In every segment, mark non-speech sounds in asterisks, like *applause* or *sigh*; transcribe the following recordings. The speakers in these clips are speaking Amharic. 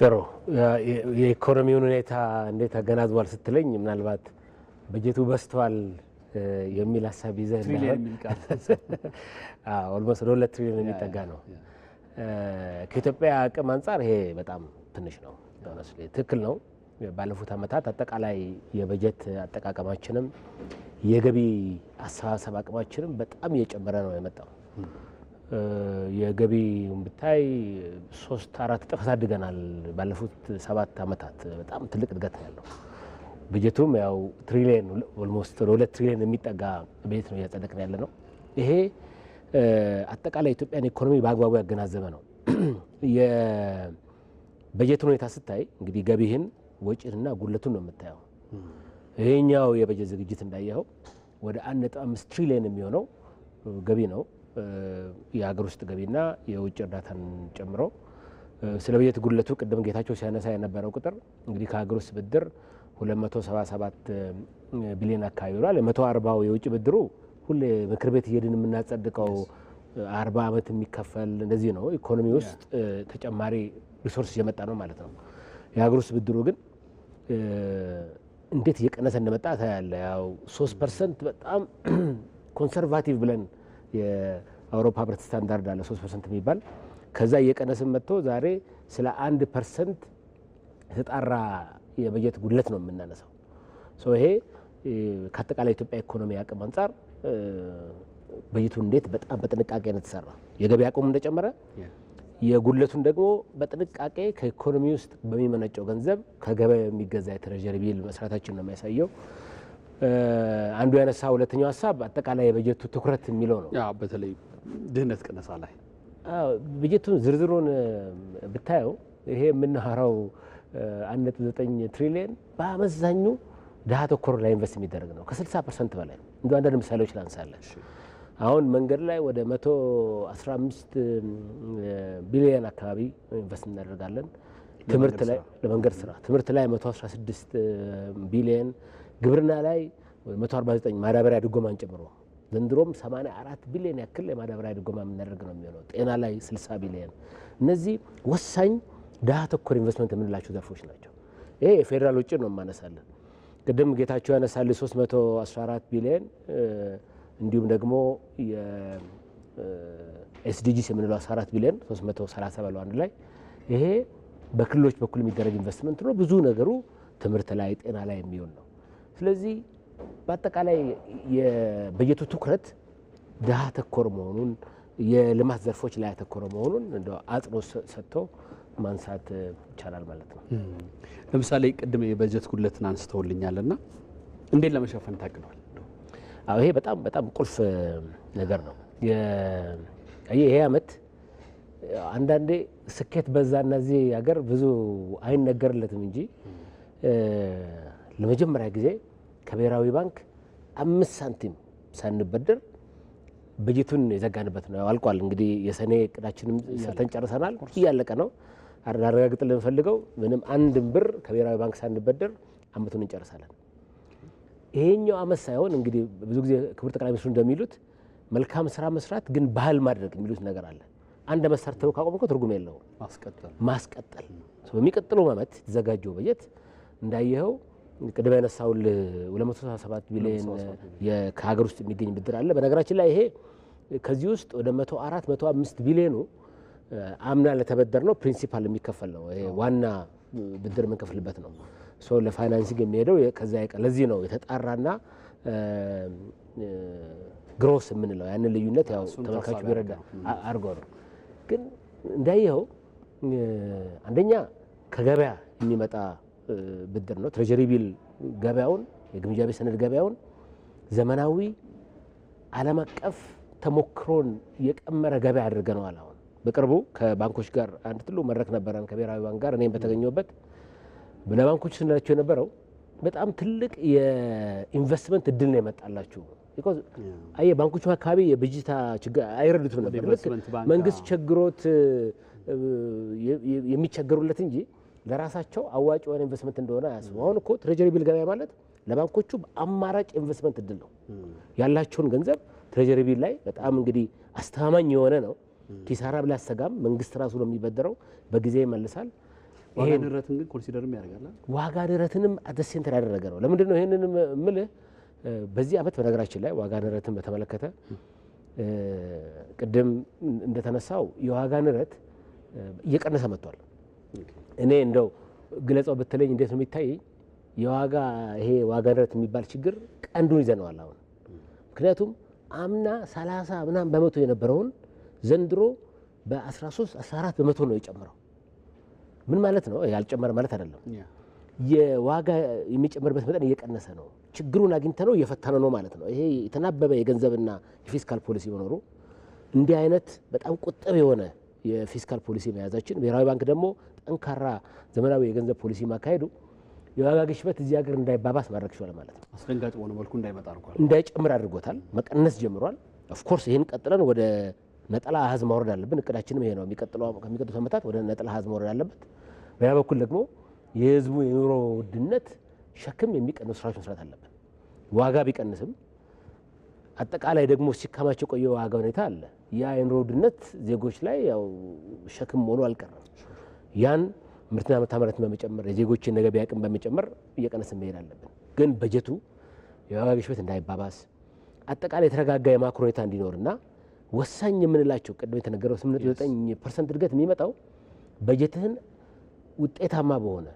ጥሩ የኢኮኖሚውን ሁኔታ እንዴት ተገናዝቧል ስትለኝ፣ ምናልባት በጀቱ በስተዋል የሚል ሀሳብ ይዘህ *laughs* ኦልሞስት ወደ ሁለት ትሪሊዮን የሚጠጋ ነው። ከኢትዮጵያ አቅም አንጻር ይሄ በጣም ትንሽ ነው። ትክክል ነው። ባለፉት ዓመታት አጠቃላይ የበጀት አጠቃቀማችንም የገቢ አሰባሰብ አቅማችንም በጣም እየጨመረ ነው የመጣው የገቢ ብታይ ሶስት አራት እጥፍ አድገናል። ባለፉት ሰባት ዓመታት በጣም ትልቅ እድገት ነው ያለው። በጀቱም ያው ትሪሊየን ኦልሞስት ለሁለት ትሪሊየን የሚጠጋ በጀት ነው እያጸደቅን ያለ ነው። ይሄ አጠቃላይ ኢትዮጵያን ኢኮኖሚ በአግባቡ ያገናዘበ ነው። *clears throat* የበጀት ሁኔታ ስታይ እንግዲህ ገቢህን ወጪንና ጉለቱን ነው የምታየው። ይሄኛው የበጀት ዝግጅት እንዳየኸው ወደ አንድ ነጥብ አምስት ትሪሊየን የሚሆነው ገቢ ነው የሀገር ውስጥ ገቢና የውጭ እርዳታን ጨምሮ ስለ በጀት ጉድለቱ ቅድም ጌታቸው ሲያነሳ የነበረው ቁጥር እንግዲህ ከሀገር ውስጥ ብድር 277 ቢሊዮን አካባቢ ብሏል። መቶ አርባው የውጭ ብድሩ ሁሌ ምክር ቤት እየድን የምናጸድቀው አርባ ዓመት የሚከፈል እንደዚህ ነው። ኢኮኖሚ ውስጥ ተጨማሪ ሪሶርስ እየመጣ ነው ማለት ነው። የሀገር ውስጥ ብድሩ ግን እንዴት እየቀነሰ እንደመጣ ታያለ። ያው ሶስት ፐርሰንት በጣም *clears throat* ኮንሰርቫቲቭ ብለን የአውሮፓ ህብረት ስታንዳርድ አለ ሶስት ፐርሰንት የሚባል ከዛ እየቀነስን መጥቶ ዛሬ ስለ አንድ ፐርሰንት የተጣራ የበጀት ጉድለት ነው የምናነሳው። ይሄ ከአጠቃላይ ኢትዮጵያ ኢኮኖሚ አቅም አንጻር በጀቱ እንዴት በጣም በጥንቃቄ ነው የተሰራ። የገቢ አቅሙ እንደጨመረ የጉለቱን ደግሞ በጥንቃቄ ከኢኮኖሚ ውስጥ በሚመነጨው ገንዘብ ከገበያ የሚገዛ የትሬዠሪ ቢል መስራታችን ነው የሚያሳየው። አንዱ ያነሳ ሁለተኛው ሀሳብ አጠቃላይ የበጀቱ ትኩረት የሚለው ነው። በተለይ ድህነት ቅነሳ ላይ በጀቱን ዝርዝሩን ብታየው ይሄ የምናወራው 19 ትሪሊየን በአመዛኙ ድሀ ተኮር ላይ ኢንቨስት የሚደረግ ነው። ከ60 ፐርሰንት በላይ እንደ አንዳንድ ምሳሌዎች ላንሳለን። አሁን መንገድ ላይ ወደ 115 ቢሊየን አካባቢ ኢንቨስት እናደርጋለን። ትምህርት ላይ ለመንገድ ስራ ትምህርት ላይ 116 ቢሊየን ግብርና ላይ 149 ማዳበሪያ ድጎማን ጨምሮ ዘንድሮም 84 ቢሊዮን ያክል የማዳበሪያ ድጎማ የምናደርግ ነው የሚሆነው። ጤና ላይ 60 ቢሊዮን። እነዚህ ወሳኝ ድሀ ተኮር ኢንቨስትመንት የምንላቸው ዘርፎች ናቸው። ይሄ የፌዴራል ውጭ ነው የማነሳለን። ቅድም ጌታቸው ያነሳል 314 ቢሊዮን እንዲሁም ደግሞ የኤስዲጂስ የምንለው 14 ቢሊዮን 330 በለው አንድ ላይ ይሄ በክልሎች በኩል የሚደረግ ኢንቨስትመንት ነው። ብዙ ነገሩ ትምህርት ላይ ጤና ላይ የሚሆን ነው። ስለዚህ በአጠቃላይ የበጀቱ ትኩረት ድሃ ተኮር መሆኑን የልማት ዘርፎች ላይ ያተኮረ መሆኑን እንደ አጽንኦት ሰጥቶ ማንሳት ይቻላል ማለት ነው። ለምሳሌ ቅድም የበጀት ጉድለትን አንስተውልኛል እና እንዴት ለመሸፈን ታቅዷል? ይሄ በጣም በጣም ቁልፍ ነገር ነው። ይሄ አመት አንዳንዴ ስኬት በዛ እነዚህ ሀገር ብዙ አይነገርለትም እንጂ ለመጀመሪያ ጊዜ ከብሔራዊ ባንክ አምስት ሳንቲም ሳንበደር በጀቱን የዘጋንበት ነው። አልቋል። እንግዲህ የሰኔ እቅዳችንም ሰርተን ጨርሰናል። እያለቀ ነው። አረጋግጥ ልንፈልገው ምንም አንድም ብር ከብሔራዊ ባንክ ሳንበደር አመቱን እንጨርሳለን። ይሄኛው አመት ሳይሆን እንግዲህ ብዙ ጊዜ ክቡር ጠቅላይ ሚኒስትሩ እንደሚሉት መልካም ስራ መስራት ግን ባህል ማድረግ የሚሉት ነገር አለ። አንድ አመት ሰርተው ካቆምከው ትርጉም የለውም። ማስቀጠል በሚቀጥለው አመት የተዘጋጀው በጀት እንዳየኸው ቅድመ ያነሳውል 267 ቢሊዮን ከሀገር ውስጥ የሚገኝ ብድር አለ። በነገራችን ላይ ይሄ ከዚህ ውስጥ ወደ 104 105 ቢሊዮኑ አምና ለተበደር ነው ፕሪንሲፓል የሚከፈል ነው። ይሄ ዋና ብድር የምንከፍልበት ነው። ሶ ለፋይናንሲንግ የሚሄደው ከዛ ይቀር። ለዚህ ነው የተጣራና ግሮስ የምንለው ያንን ልዩነት ያው ተመልካቹ ቢረዳ አድርጎ ነው። ግን እንዳየኸው አንደኛ ከገበያ የሚመጣ ብድር ነው። ትሬጀሪ ቢል ገበያውን የግምጃ ቤት ሰነድ ገበያውን ዘመናዊ ዓለም አቀፍ ተሞክሮን የቀመረ ገበያ አድርገነዋል። አሁን በቅርቡ ከባንኮች ጋር አንድ ትልቅ መድረክ ነበረን ከብሔራዊ ባንክ ጋር እኔም በተገኘበት ለባንኮች ስንላቸው የነበረው በጣም ትልቅ የኢንቨስትመንት እድል ነው የመጣላችሁ። አየ ባንኮቹ አካባቢ የብጅታ ችግር አይረዱትም ነበር። መንግስት ቸግሮት የሚቸገሩለት እንጂ ለራሳቸው አዋጭ የሆነ ኢንቨስትመንት እንደሆነ አያስቡ። አሁን እኮ ትሬጀሪ ቢል ገበያ ማለት ለባንኮቹ አማራጭ ኢንቨስትመንት እድል ነው። ያላቸውን ገንዘብ ትሬጀሪ ቢል ላይ በጣም እንግዲህ አስተማማኝ የሆነ ነው። ኪሳራ ብላሰጋም መንግስት ራሱ ነው የሚበደረው፣ በጊዜ ይመልሳል። ዋጋ ንረትን ግን ኮንሲደርም ያደርጋል። ዋጋ ንረትንም አደሴንተር ያደረገ ነው። ለምንድን ነው ይህንን ምልህ? በዚህ አመት በነገራችን ላይ ዋጋ ንረትን በተመለከተ ቅድም እንደተነሳው የዋጋ ንረት እየቀነሰ መጥቷል። እኔ እንደው ግለጸው ብትለኝ እንዴት ነው የሚታየኝ? የዋጋ ይሄ ዋጋ ንረት የሚባል ችግር ቀንዱን ይዘነዋል አሁን። ምክንያቱም አምና 30 ምናምን በመቶ የነበረውን ዘንድሮ በ13 14 በመቶ ነው የጨምረው። ምን ማለት ነው? ያልጨመረ ማለት አይደለም። የዋጋ የሚጨምርበት መጠን እየቀነሰ ነው። ችግሩን አግኝተ ነው እየፈተነ ነው ማለት ነው። ይሄ የተናበበ የገንዘብና የፊስካል ፖሊሲ መኖሩ እንዲህ አይነት በጣም ቁጥብ የሆነ የፊስካል ፖሊሲ መያዛችን ብሔራዊ ባንክ ደግሞ ጠንካራ ዘመናዊ የገንዘብ ፖሊሲ ማካሄዱ የዋጋ ግሽበት እዚህ ሀገር እንዳይባባስ ማድረግ ይችላል ማለት ነው። አስደንጋጭ በሆነ መልኩ እንዳይመጣ አድርጓል፣ እንዳይጨምር አድርጎታል። መቀነስ ጀምሯል። ኦፍኮርስ ይህን ቀጥለን ወደ ነጠላ አሀዝ ማውረድ አለብን። እቅዳችንም ይሄ ነው። ከሚቀጥሉት ዓመታት ወደ ነጠላ አሀዝ ማውረድ አለበት። በያ በኩል ደግሞ የህዝቡ የኑሮ ውድነት ሸክም የሚቀንሱ ስራዎች መስራት አለብን። ዋጋ ቢቀንስም አጠቃላይ ደግሞ ሲካማቸው ቆየ ዋጋ ሁኔታ አለ። ያ የኑሮ ውድነት ዜጎች ላይ ያው ሸክም መሆኑ አልቀረም። ያን ምርትና ምርታማነትን በመጨመር የዜጎችን የገበያ አቅም በመጨመር እየቀነስን መሄድ አለብን። ግን በጀቱ የዋጋ ግሽበት እንዳይባባስ አጠቃላይ የተረጋጋ የማክሮ ሁኔታ እንዲኖርና ወሳኝ የምንላቸው ቅድም የተነገረው 89 ፐርሰንት እድገት የሚመጣው በጀትህን ውጤታማ በሆነ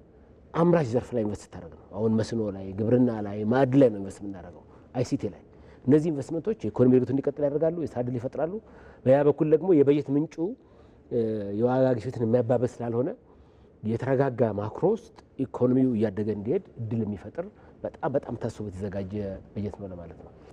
አምራች ዘርፍ ላይ ኢንቨስት ስታደርግ ነው። አሁን መስኖ ላይ፣ ግብርና ላይ፣ ማዕድ ላይ ነው ኢንቨስት የምናደርገው አይሲቲ ላይ። እነዚህ ኢንቨስትመንቶች የኢኮኖሚ እድገቱ እንዲቀጥል ያደርጋሉ፣ የስራ ዕድል ይፈጥራሉ። በያ በኩል ደግሞ የበጀት ምንጩ የዋጋ ግሽበትን የሚያባበስ ስላልሆነ የተረጋጋ ማክሮ ውስጥ ኢኮኖሚው እያደገ እንዲሄድ እድል የሚፈጥር በጣም በጣም ታስቦ የተዘጋጀ በጀት ነው ለማለት ነው።